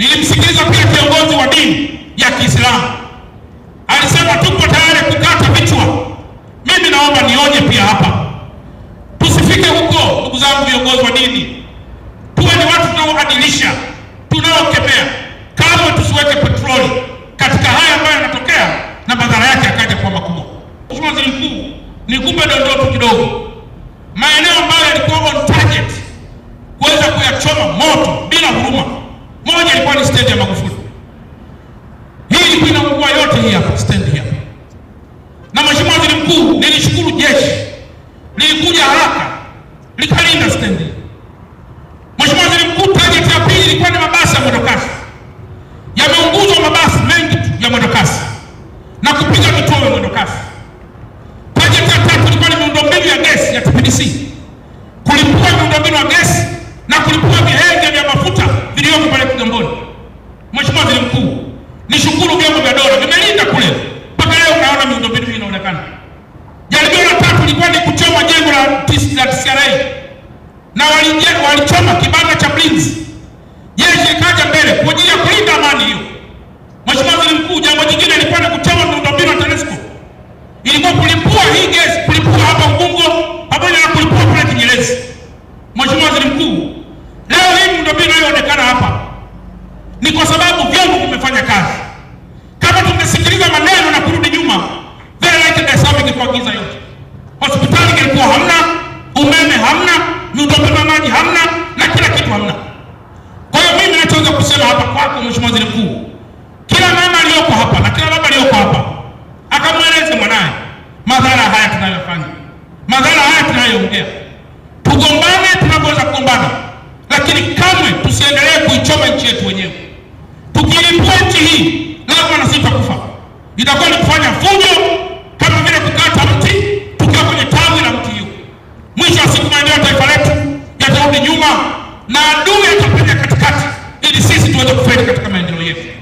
Nilimsikiliza pia kiongozi wa dini ya Kiislamu alisema, tuko tayari kukata vichwa. Mimi naomba nionye pia hapa, tusifike huko, ndugu zangu viongozi wa dini, tuwe ni watu tunaoadilisha, tunaokemea. kama tusiweke petroli katika haya ambayo yanatokea na madhara yake akaja kwa makubwa. Mheshimiwa Waziri Mkuu, nikupe dondoo kidogo ilikuwa ni stendi ya Magufuli. Hii ilikuwa inaungua yote hii hapa stendi hapa. Na Mheshimiwa Waziri Mkuu, nilishukuru jeshi lilikuja haraka likalinda stendi. Mheshimiwa Waziri Mkuu, target ya pili ilikuwa ni mabasi ya mwendokasi. Yameunguzwa mabasi mengi tu ya mwendokasi na kupiga vituo vya mwendokasi. Target ya tatu ilikuwa ni miundombinu ya gesi ya TPDC, kulipua miundombinu ya gesi ilikuwa ni kuchoma jengo la TCRA na walichoma kibanda cha mlinzi, jeshi ikaja mbele kwa ajili ya kulinda amani hiyo. Mheshimiwa Waziri Mkuu, jambo jingine ilikuwa ni kuchoma miundombinu ya TANESCO, ilikuwa kulipua hii gesi, kulipua hapa Ubungo pamoja na kulipua pale Kinyerezi. Mheshimiwa Waziri Mkuu, leo hii miundombinu inayoonekana hapa ni kwa sababu vyombo vimefanya kazi. Kama tungesikiliza maneno na kurudi nyuma, vile like the anayofanya, madhara haya tunayoongea. Tugombane tunapoweza kugombana, lakini kamwe tusiendelee kuichoma nchi yetu wenyewe. Tukilipua nchi hii, lazima na sisi tutakufa. Itakuwa ni kufanya fujo kama vile kukata mti tukiwa kwenye tawi la mti hiyo. Mwisho wa siku, maendeleo ya taifa letu yatarudi nyuma na adui atapenya katikati, ili sisi tuweze kufaidi katika maendeleo yetu.